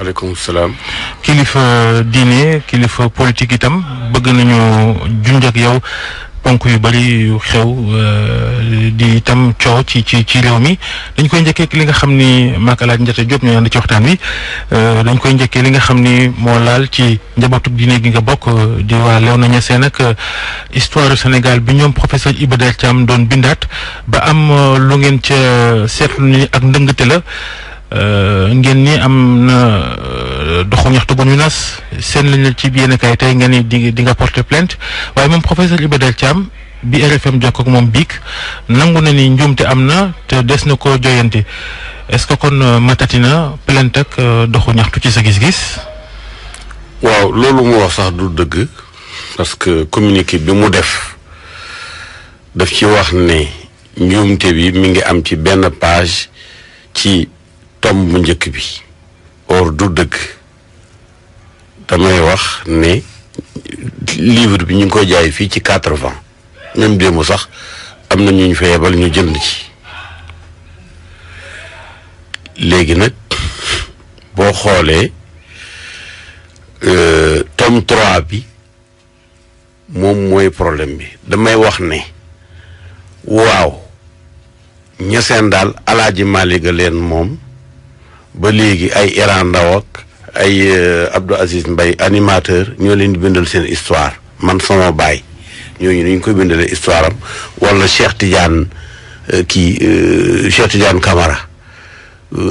aleykum salaam. kilifa diine kilifa politique itam bëgg nañu junj ak yow ponk yu bari yu xew euh, di itam coow ci ci ci réew mi dañ koy ki li nga xam ni maak Alaaji Njate Diop ñoo ànd ci waxtaan wi euh, dañ koy njëkkee li nga xam ni moo laal ci njabootu diine gi nga bokk di waa Léona Niassène ak euh, histoire Sénégal bi ñoom professeur Iba Der Thiam doon bindaat ba am lu ngeen ca seetlu ni ak ndëngte la. Euh, ngeen ni am na euh, doxu ñaxtu bu ñu nas seen lañu ci yenn kay tey nga ni di di nga porter plainte waaye moom professeur Iba Der Thiam bi RFM jokk ak moom biik nangu na ni njuumte am na te des na ko joyanti est-ce que kon euh, matati na plainte ak doxu ñaxtu ci sa gis-gis. waaw loolu mu wax sax du dëgg parce que communiqué bi mu def daf ci wax ne njuumte bi mi ngi am ci benn page ci. tom bu njëkk bi or du dëgg damay wax ne livre bi ñu ngi koy jaay fii ci quatre vingt même démb sax am na ñu ñu fa yebal ñu jënd ci léegi nag boo xoolee euh, tom trois bi moom mooy problème bi damay wax ne waaw ñeseen daal alaaji Malick leen moom ba léegi ay Iran Ndaw ak ay euh, Abdou Aziz Mbaye animateur ñoo leen di bindal seen histoire man sama baay ñooñu dañ koy bindalee histoire am wala Cheikh Tidiane euh, kii euh, Cheikh Tidiane Camara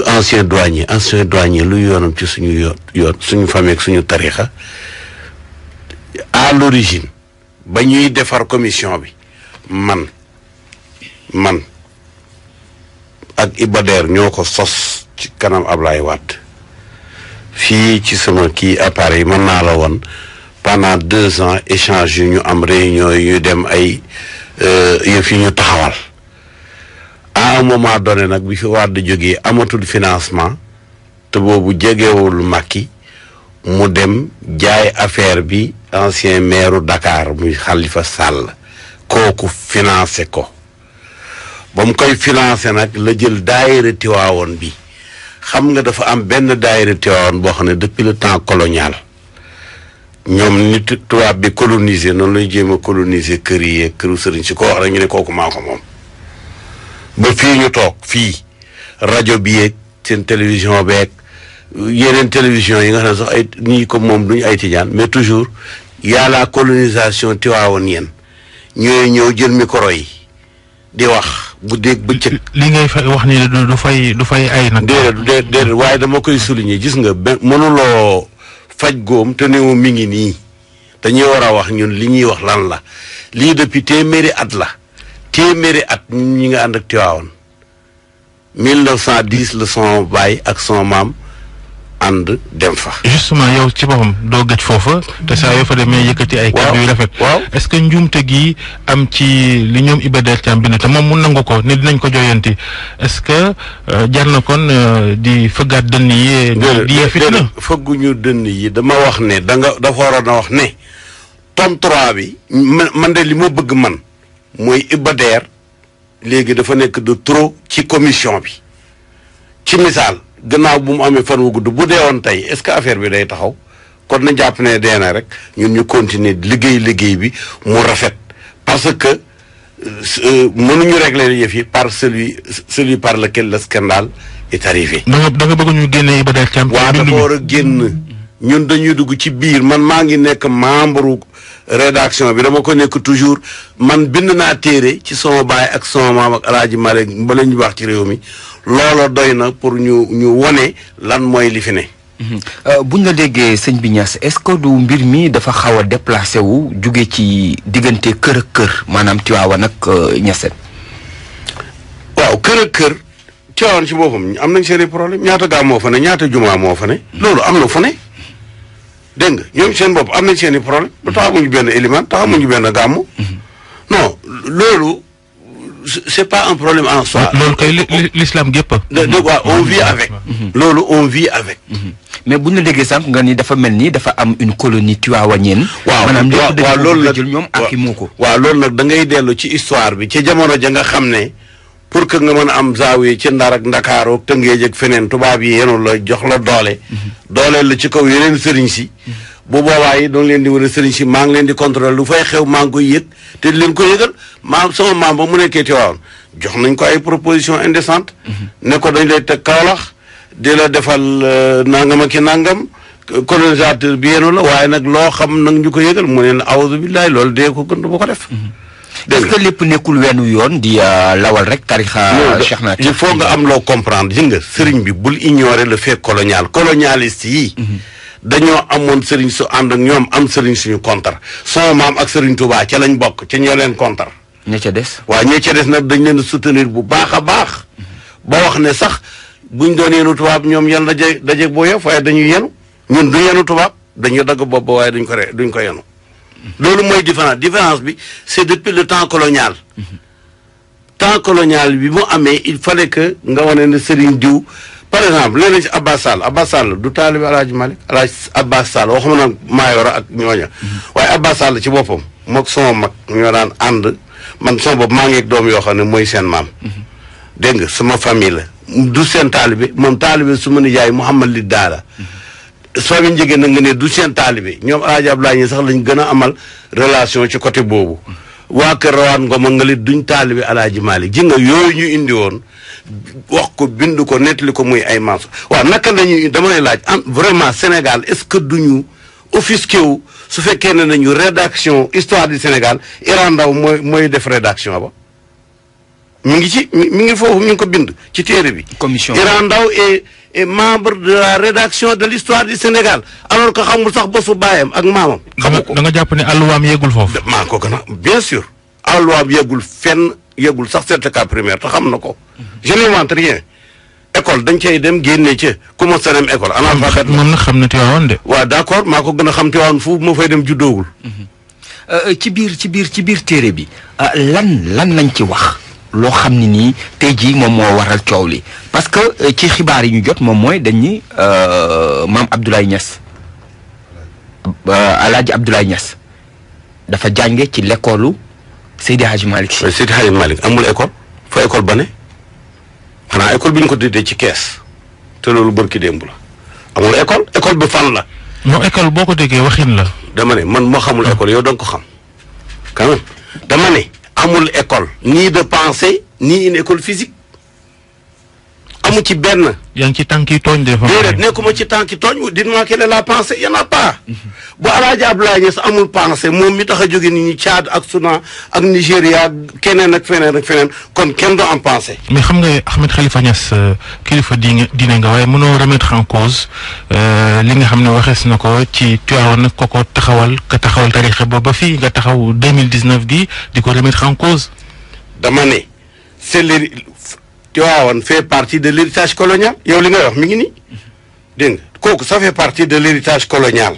ancien douanier ancien douanier lu yoonam ci suñu yoon yoon suñu famille suñu tarixa à l'origine ba ñuy defar commission bi man man ak Ibader ñoo ko sos kanam kanam Ablaye Wade fii ci sama kii appareil mën naa la woon pendant deux ans échange yu ñu am réunion yu dem ay euh, yëf fi ñu taxawal à un nag bi fi Wade jógee amatul financement te boobu jegewul Macky mu dem jaay affaire bi ancien maire Dakar muy xalifa Sall kooku financé ko ba mu koy financé nag la jël daayira Tiwaawoon bi xam nga dafa am benn daayira Tivaouane boo xam ne depuis le temps colonial ñoom nit tubaab bi coloniser noonu lay jéem a coloniser kër yi këru sëriñ si ko wax rek ñu ne kooku ko moom ba fii ñu toog fii rajo bi seen télévision beeg yeneen télévision yi nga sax ay ñii ko moom duñu ay tijaan mais toujours y a la colonisation Tivaouane yéen ñooy ñëw jël micro yi di wax guddeeg bëccëg. li ngay fa wax ni du fay du fay ay nag. déedéet waaye dama koy souligner gis nga benn mënuloo faj góom te néew mi ngi nii dañuy war a wax ñun li ñuy wax lan la lii depuis téeméeri at la téeméeri at ñi nga ànd ak Tiwaawan 1910 la son baay ak son maam. ànd dem fa. justement yow ci boppam do gëj fofu te sa yoo fa demee yëkkati ay. kàddu yu rafet est-ce que njuumte gi am ci li ñom Iba ci am bi te mom mu nangu ko ne dinañ ko jooyanti est-ce que euh, jar na kon euh, di fëggaat dënn yi. di yee fitna fëgguñu dënn yi dama wax ne da nga da waroon na wax ne tome 3 bi man de li mo bëgg man moy Iba Der léegi dafa nek de trop ci commission bi ci misal gannaaw bu mu amee fan wu gudd bu dee woon tey est-ce que affaire bi day taxaw kon na jàpp ne dee rek ñun ñu continuer liggéey liggéey bi mu rafet parce que euh, euh, mënuñu régler yëf yi par celui celui par lequel le la est arrivé. da nga da nga bëgg ñu génne Iba Der Thiam. waaw dafa war ñun dañuy dugg ci biir man maa ngi nekk membre rédaction bi dama ko nekk toujours man bind naa téere ci sama baay ak sama maam ak alaaji Malick ba la ñu wax ci réew mi loola doy na pour ñu ñu wone lan mooy li fi ne mhm. euh, buñ la déggee sëñ bi Niass est-ce que du mbir mi dafa xaw a déplacé wu jóge ci diggante kër ak kër maanaam Tiwaawan ak euh, Niassène waaw kër ak kër Tiwaawan ci boppam am nañ seeni problème ñaata gaa moo fa ne ñaata jumaa moo fa ne loolu am na fa ne deng nga ñoom seen bopp am nañ seen problème lu tax amuñu benn élément tax amuñu benn gàmmu non lolu c'est pas un problème en soi. lolu kay l'islam gépp on vit avec. Mm-hmm. Mm-hmm. lolu on vit avec. Mm-hmm. mais buñu déggé sank nga ni dafa melni dafa am une colonie tuawaañeen. waaw maanaam lépp dañoo jël ñoom ak i moo ko. waaw da ngay déllu ci histoire bi ci jamono ja nga xamné pour que nga mën a am zaawiya ci ndar ak ndakaaru ak tëngéej ak feneen tubaab yi yenu la jox la doole. dooleel la ci kaw yeneen sëriñ si. bu boobaa yi doon leen di war a sëriñ si maa ngi leen di contrôler lu fay xew maa ngi yëg te di leen ko yëgal maam sama maam ba mu nekkee Tiwaawan jox nañ ko ay proposition indécente ne ko dañ lay te Kaolack de la defal euh, nangam ak i nangam. colonisateur bi yenu la waaye nag loo xam nag ñu ko yëgal mu neen awuzu billahi loolu dee ko gën bu ko def. est nga lépp nekkul wenn yoon di euh, lawal rek tarixa Cheikh na il faut nga am loo comprendre ji nga sëriñ bi bul ignorer le fait colonial colonialiste yi mhm. dañoo amoon sëriñ su ànd ak ñoom am sëriñ suñu contre sama maam ak sëriñ Touba ca lañ bokk ca ñoo leen contre ña ca des waaw ña ca des nag dañ leen soutenir bu baax a baax mhm. ba wax ne sax buñ doon tubaab ñoom yan daje daje boo yof waaye dañuy yenu ñun du yenu tubaab dañuy dagg bopp waaye duñ ko re duñ ko yenu lolu moy différence différence bi c'est depuis le temps colonial temps colonial bi mu amé il fallait que nga woné ne Serigne diou par exemple nee ci abbasal, abbasal, Sall Abbas Sall du talib alhadji malik alhadji Abbas Sall waxuma nag Mayoro ak ñoña way Abbas Sall ci bopom mok sama mak ñoo daan and man sama bop maa ngi ak doom yoo xam ne mooy seen sama famille la du seen taalibe moom taalibe su ma nijaay l'idara. li soomi njigéen na nga ne du seen taalibe ñoom alaaji Ablaay ñi sax lañ gën amal relation ci côté boobu waa kër rawaan ngoma nga leen duñ taalibe alaaji Maalik ji nga yooyu ñu indi woon wax ko bind ko li ko muy ay mans waa naka lañuy dama lay laaj am vraiment Sénégal est-ce que duñu offusqué wu su fekkee ne nañu rédaction histoire du Sénégal Iran Ndaw mooy mooy def rédaction ba mu ngi ci mu ngi foofu ñu ngi ko bind ci téere bi Iran Ndaw et membre de la rédaction de l'histoire du Sénégal alors que xamul sax bésu baayam ak maamam. xamu ko nga jàpp ne alluwaam yeegul foofu. maa ko gën a bien sûr alluwaam yeegul fenn yeegul sax certificat primaire te xam na ko. je n'invente rien école dañ cay dem génne ci commencé dem école. analphabet moom na xam na Tivaouane de. waaw d'accord maa ko gën a xam Tivaouane foofu moo fay dem juddoowul. Euh, euh, ci biir ci biir ci biir téere bi euh, lan lan lañ ci wax. loo xam ne nii tey jii moom moo waral coow li parce que euh, ci xibaar yi ñu jot moom mooy dañ ni euh, maam Abdoulaye Niass euh, Alaaji Abdoulaye ñas dafa jànge ci lekkoolu Seydi Hadji Malick Si Seydi Hadji Malick amul école fa école ba ne xanaa école bi ñu ko déggee ci kees te loolu bërki démb la amul école école bi fan la. non école boo ko déggee waxin la. dama ne man moo xamul ah. école yow danga ko xam dama ne. ni de pensée ni une école physique amu ci benn. yaa ngi ci tànki tooñ de. tooñ dites-moi quelle est la pensée a pas. Mhm. bu Alaaji Abdoulaye Niass amul pensée moom mi tax a jóge ni ñu Tchad ak Soudan ak Nigéria keneen ak feneen ak feneen kon kenn du am pensée. mais xam nga Ahmed Khalifa Niass euh, kilifa diine diine nga waaye mënoo remettre en cause euh, li nga xam ne waxees na ko ci Tivaouane nag ko ko taxawal ka taxawal tarixe booba fii nga taxaw 2019 gi di ko remettre en cause. dama ne c'est Tivaouane fait partie de l'héritage colonial yow li nga wax mi ngi ni dégg nga kooku ça fait partie de l'héritage colonial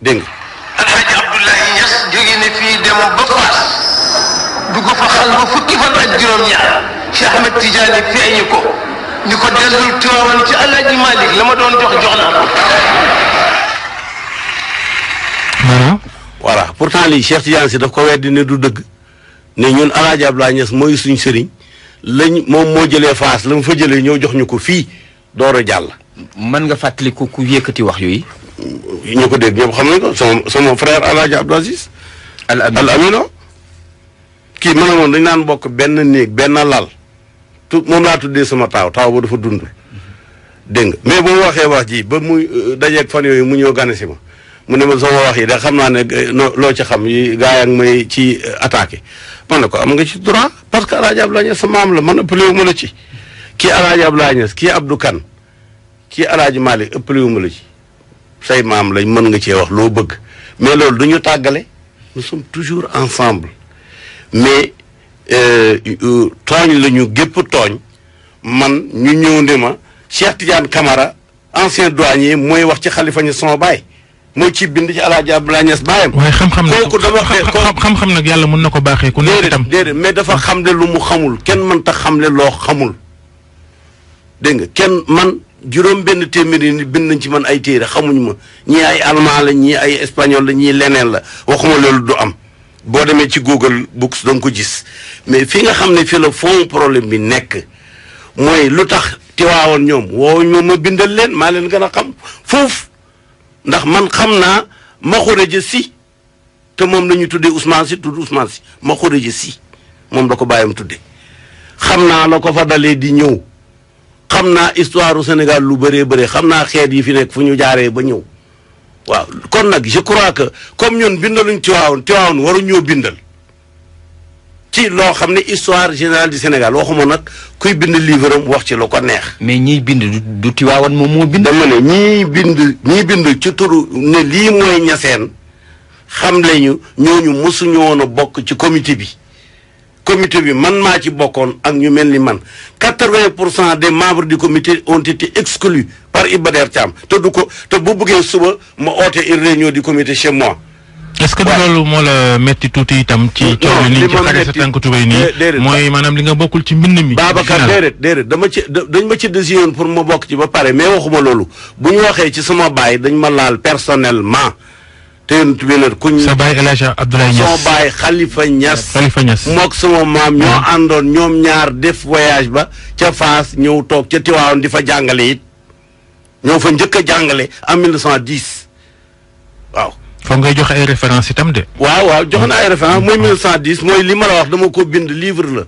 dégg nga alhaji abdoulaye ñas jóge ne fii dem ba faas dugg fa xal ba fukki fan ak juróom ñaar cheikh ahmed tidiane feeñu ko ni ko dellul Tivaouane ci alhaji malik la ma doon jox jox naa ko maanaam voilà pourtant lii cheikh tidiane si daf ko weddi ne du dëgg ne ñun alhaji abdoulaye ñas mooy suñ sëriñ lañ moom moo jëlee faas la mu fa jëlee ñëw jox ñu ko fii door a jàll. mën nga fàttali ku ku yëkkati wax yooyu. ñu ko dégg ñëpp xam nañ ko sama sama frère El Hadj Abdou Aziz. Al Amino kii ma ne moom dañu naan bokk benn néeg benn lal tu moom laa tuddee sama taaw taaw ba dafa dund. dégg nga mais bu ma waxee wax ji ba muy euh, dajeeg fan yooyu mu ñëw gane si ma mu ne ma sama wax yi da xam naa ne euh, loo ci xam yi gaa yi ak may ci euh, attaqué man ne ko am nga ci droit. que Alaaji Abdoulaye sa maam la man ëppale wu ma la ci kii Alaaji Abdoulaye Niass kii Abdou Kane kii Alaaji Malick ëppale wu ma la ci say maam lañ mën nga cee wax loo bëgg mais loolu du tàggale nous sommes toujours ensemble mais euh, tooñ lañu ñu gépp tooñ man ñu ñëw ne ma Cheikh Tidiane Camara ancien douanier mooy wax ci xalifa ñu son baay moo ci bind ci alaaji Abdoulaye Niass baayam. waaye xam-xam kooku dama xam-xam nag yàlla mën na ko baaxee. ku nekk itam mais dafa xamle lu mu xamul kenn mën ta xamle loo xamul. dégg nga kenn man juróom benn téeméeri ni bind nañ ci man ay téere xamuñ ma ñii ay allemand la ñii ay espagnol la ñii leneen la waxuma loolu du am. boo demee ci Google Books danga ko gis mais fi nga xam ne fii la fond problème bi nekk mooy lu tax tiwaawoon ñoom woo ñoom ma bindal leen maa leen gën a xam foofu. ndax man xam naa Makhouredia si te moom la ñu tuddee Ousmane si tudd Ousmane Sy Makhouredia si moom la ko bàyyam tuddee xam naa la ko fa dalee di ñëw xam naa histoire u Sénégal lu bëree bëree xam naa xeet yi fi nekk fu ñu jaaree ba ñëw waaw kon nag je crois que comme ñoon ñun bindaluñ Tiwaawoon Tiwaawoon waruñoo bindal ci loo xam ne histoire générale du Sénégal waxuma nag kuy bind livre am wax ci lu ko neex. mais ñiy bind du du Tiwaawan moom moo bind. dama ne ñiy bind ñiy bind ci turu ne lii mooy ñaseen xam lañu ñooñu mosuñu woon bokk ci comité bi. comité bi man maa ci bokkoon ak ñu mel ni man quatre-vingt pour cent des membres du comité ont été exclus par Iba Der Thiam te du ko te bu bëggee suba ma oote une réunion du comité chez est-ce que loolu moo la metti tuuti itam. ci li nii ci xare sa tànk tubéy nii mooy maanaam li nga bokkul ci mbind mi. Babacar déedéet déedéet dama ci dañ ma ci désigné pour ma bokk ci ba pare mais waxuma loolu bu ñu waxee ci sama baay dañ ma laal personnellement. te yonent bi nag ku ñu. sa baay El Hadj Abdoulaye Niass mook sama maam ñoo àndoon ñoom ñaar def voyage ba ca Fass ñëw toog ca Tiwaawan di fa jàngale it ñoo fa njëkk a jàngale en 1910 waaw. foog ngay joxe ay référence itam de. waaw waaw joxe na ay référence mooy 1910 mooy li ma la wax dama ko bind livre la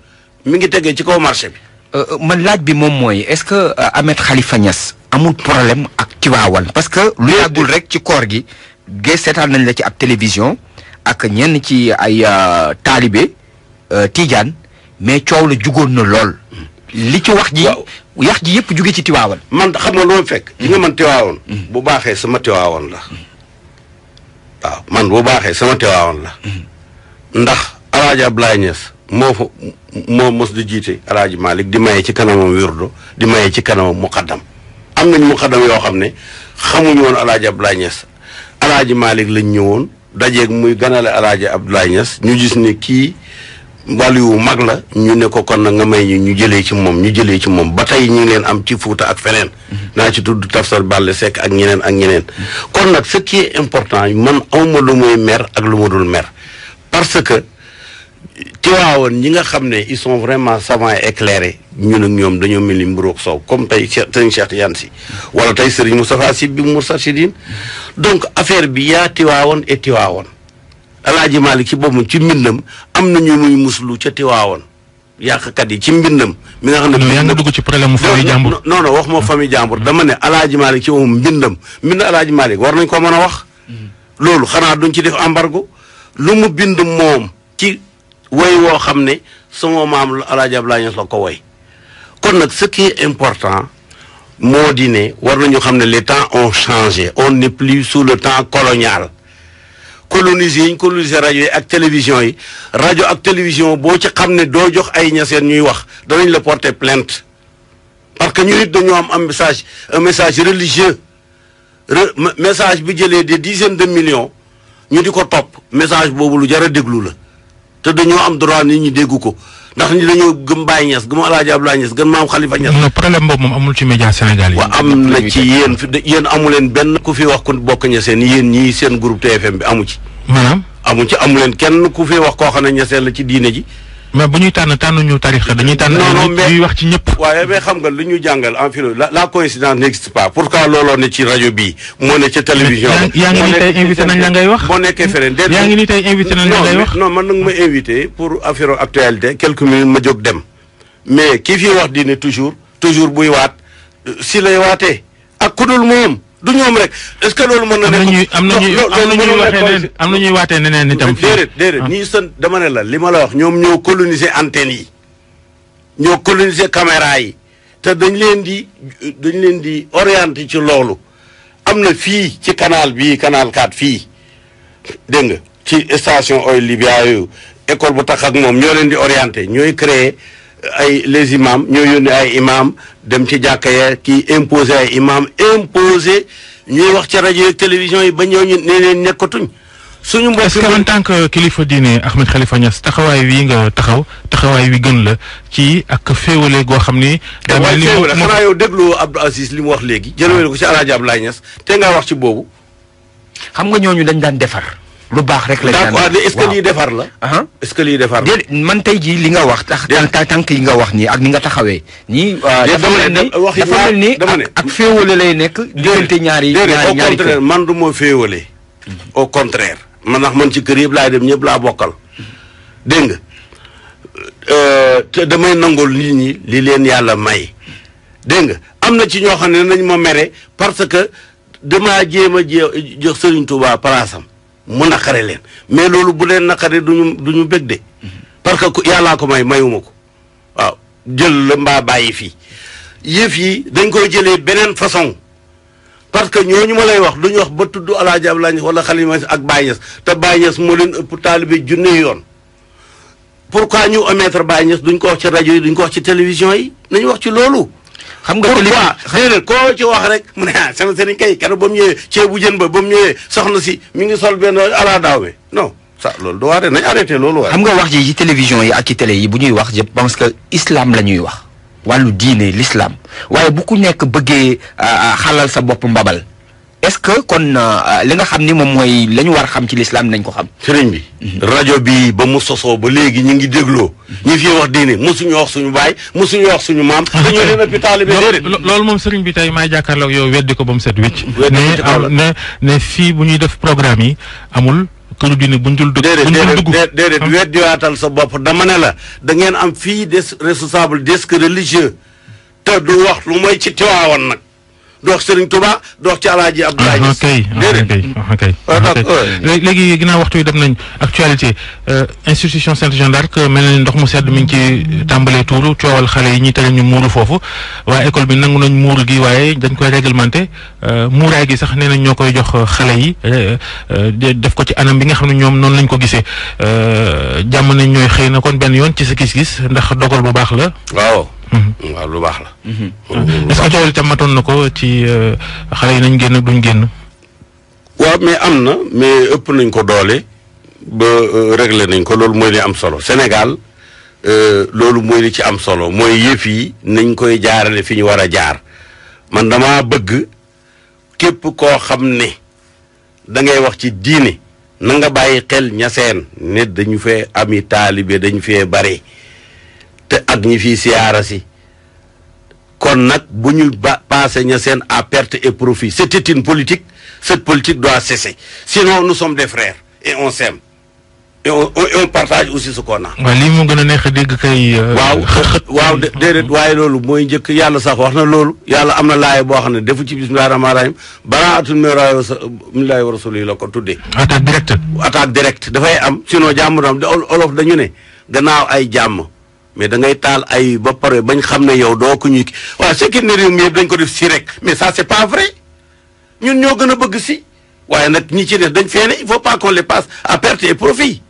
mi ngi tegee ci kaw marché bi. Euh, euh, man laaj bi moom mooy est-ce que euh, Ahmed Khalifa Niass amul problème ak Tiwaawan parce que lu yàggul rek ci koor gi gée seetaan nañ la ci ab télévision ak ñenn ci ay taalibe Tidiane mais coow la jugoon na lool. li ci wax ji yax ji yëpp juge ci Tiwaawan. man xam nga lu ma fekk. li nga hmm. man Tiwaawan. Hmm. bu baaxee sama Tiwaawan la. Hmm. waaw man bu baaxee sama teewaawoon la. ndax alaaji Ablaye Niass moo fa moo mos di jiite alaaji Malick di maye ci kanamam wirdo di maye ci kanamam muqaddam am nañ muqaddam yoo xam ne xamuñu woon alaaji Ablaye ñas alaaji Malick lañ ñëwoon dajeeg muy ganale alaaji Ablaye Niass ñu gis ni kii. wàllu wu mag la ñu ne ko kon nag nga may ñu ñu jëlee ci moom ñu jëlee ci moom ba tey ñu ngi leen am ci Fuuta ak feneen mhm. naa ci tudd Tafsir Bàlle Seck ak ñeneen ak ñeneen kon nag ce qui est important man amuma lu muy mer ak lu ma dul mer parce que Tiwaawoon ñi nga xam ne il sont vraiment savants et éclairés ñun ak ñoom dañoo mel ni mburoog soow comme tey sëriñ Cheikh yan si wala tey sëriñ Moustapha Sy bi Moustarchidine mhm. donc affaire bi yaa Tiwaawoon et Tiwaawoon alaaji Malick ci boppam ci mbindam am na ñu muy muslu ca Tiwaawoon yàqkat yi ci mbindam. mi nga xam ne loolu yaa ngi dugg ci problème mu famille jàmbur. non non wax ma famille jàmbur dama ne alaaji Malick ci moom mbindam mbind alaaji Malick war nañ ko mën a wax. loolu xanaa duñ ci def embargo lu mu bind moom ci woy woo xam ne sama maam la alaaji Abdoulaye Niass la ko woy kon nag ce qui est important. moo di ne war nañu xam ne les temps ont changé on n'est plus sous le temps colonial. coloniser ñu radio radio, la ak télévision radio et ak télévision si ci xamné ne jox ay ñassène ñuy wax la porter plainte parce que nous, nit dañu un message un message religieux message bi jëlé des dizaines de millions ñu disons, top, top, message bobu lu jara de déglu la te dañu am droit ni ñi ndax ñi dañoo gëm Baye Niass gëm Alaaji Abdoulaye Niass gëm Maam Khalifa Niass. non problème boobu moom amul ci média Sénégal yi. waaw am na ci yéen fi yéen amu leen benn ku fi wax ku bokk ñaseen yéen ñii seen groupe TFM bi amu ci. maanaam amu ci amu kenn ku fi wax koo xam ne ñaseen la ci diine ji mais bu ñuy tànn tànnuñu tarixa dañuy tànn. non non ñuy wax ci ñëpp. waaye mais xam nga lu ñu jàngal en philo la la coïncidence n'existe pas pourquoi looloo ne ci rajo bi moo ne ca télévision. yaa nañ la ngay wax moo nekkee feneen. déedéet yaa ngi ni tey invité nañ la ngay wax non man nag ma invité pour affaire actualité quelques minutes ma jóg dem mais kii fi wax diine toujours toujours buy waat euh, si lay waatee ak ku dul moom. du ñoom rek est-ce que loolu mën na. nekk am na ñuy am na ñuy neneen am na ñuy waatee neneen itam. déedéet déedéet ah. ñi sën dama la li ma la wax ñoom ñoo coloniser antenne yi ñoo coloniser caméra yi te dañ leen di dañ leen di orienté ci loolu am na fii ci canal bii canal 4 fii dégg nga ci station Oil Libya école bu tax ak moom ñoo leen di orienté ñooy créer. ay les imams ñoo yónnee ay imam dem ci jàkka ya kii imposé ay imam imposé ñuy wax ci rajo yeeg télévision yi ba ñooñu nee nekkatuñ suñu mbokk est-ce que tant que kilifa diine Ahmed Khalifa Niass taxawaay wi nga taxaw taxawaay wi gën la ci ak féewale goo xam ni. daa mel ni xanaa yow déglu Abdou li mu wax léegi. jëlewee ko ci El Hadj Abdoulaye Niass te wax ci boobu. xam nga ñooñu dañ daan defar. lu baax rek la ñaan d'accord est-ce que li defar la est-ce que li defar la man tay ji li nga wax tax tank yi nga wax ni ak ni nga taxawé ni dafa mel ni ak féwolé lay nek digënté ñaari ñaari ñaari mhm. au contraire man du mo féwolé au contraire man nak man ci kër yeb lay dem ñep la bokal deng euh damay nangol nit ñi li leen yalla may deng amna ci ño xamné nañ ma méré parce que dama jema jox serigne touba palassam mu naqare leen mais loolu bu leen naqare duñu du ñu beg de parce que yàllaa ko may mayuma ko waaw jël la mbaa bàyyi fii yëf yi dañ koo jëlee beneen façon parce que ñoo ñu ma lay wax duñu wax ba tudd alaaji Abdoulaye wala Xalifa ak Baye Niass te Baye Niass moo leen ëpp taalibe junne yoon pourquoi ñu omettre Baye Niass duñ ko wax ci rajo yi duñ ko wax ci télévision yi nañu wax ci loolu xam nga li déedéet koo ci wax rek mu ne ah sama sëriñ kay keroog ba mu ñëwee ceebu jën ba ba mu ñëwee soxna si mu ngi sol benn ala daaw bi non loolu du waaree nañ arrêté loolu waaye. xam nga wax ji ci télévision yi ak ci télé yi bu ñuy wax je pense que islam la ñuy wax wàllu diine lislaam waaye bu ku nekk bëggee ah, ah, xalal sa bopp mbabal est-ce que kon euh, li nga xam ni moom mooy la ñu war xam ci lislaam nañ ko xam. sëriñ bi. Mhm. rajo bi ba mu sosoo ba léegi ñu ngi dégloo. Mhm. ñu fi wax diine mosuñu wax suñu baay mosuñu wax suñu maam. Ah, dañoo leen ëpp taalibe déedéet. loolu moom sëriñ bi tey maay jàkkaarloo ak yow weddi ko ba mu set wécc. ne ne fii bu ñuy def programme yi amul. këru diine buñ dul dugg buñ dul weddiwaatal sa bopp dama ne la da ngeen am fii des responsable desk religieux te du wax lu mooy ci Tiwaawan nag. doox Serigne Touba doox ci alaaji Abdoulaye Niass. Ah, ah, déedéet ah, ok ok léegi ginnaaw waxtu yi def nañ actualité euh, institution Sainte Jeanne d'Arc mel na ni ndox mu sedd mi ngi ci tàmbalee tuuru coowal xale yi ñuy tere ñu muuru foofu waaye école bi nangu nañ muuru gi waaye dañ koy réglementé euh, muuraay gi sax nee nañ ñoo koy jox xale yi euh, def ko ci anam bi nga xam ne ñoom noonu lañ ko gisee jàmm nañ ñooy xëy na kon benn yoon ci sa gis-gis ndax dogal bu baax la. Mm-hmm. waaw lu baax la. Mm-hmm. Mm-hmm. est-ce que loolu itam matoon na ko ci euh, xale yi nañ génn duñ génn. waaw mais am na mais ëpp nañ ko doole ba euh, réglé nañ ko loolu mooy li am solo Sénégal euh, loolu mooy li ci am solo mooy yëf yi nañ koy jaarale fi ñu war a jaar man dama bëgg képp koo xam ne da ngay wax ci diine na nga bàyyi xel ñaseen ne dañu fee ami taalibe dañu fee bare. te ak ñi fii siyaara si kon nag bu ñu ba passé ña seen à perte et profit c'était une politique cette politique doit cesser sinon nous sommes des frères et on s'aime et on, on partage aussi ce qu'on a. waaw lii moo gën a neex dégg kay. Euh, waaw waaw déedéet waaye loolu mooy njëkk yàlla sax wax na loolu. yàlla am na laay boo xam ne defu ci bisimilah rahmaani rahiim balaa atul mi raayoo sa milaay wa rasuli la ko tuddee. attaque directe. attaque directe dafay am sinon jàmm am olof dañu ne gannaaw ay jàmm. mais da ngay taal ay ba pare bañ xam ne yow doo ko ñu ki waaw ce qui ne réew mi dañ ko def si rek mais ça c'est pas vrai ñun ñoo gën a bëgg si waaye nag ñi ci def dañ fee ne il faut pas qu'on les passe à perte profit